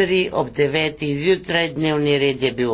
tri ob devetih zjutraj, dnevni red je bil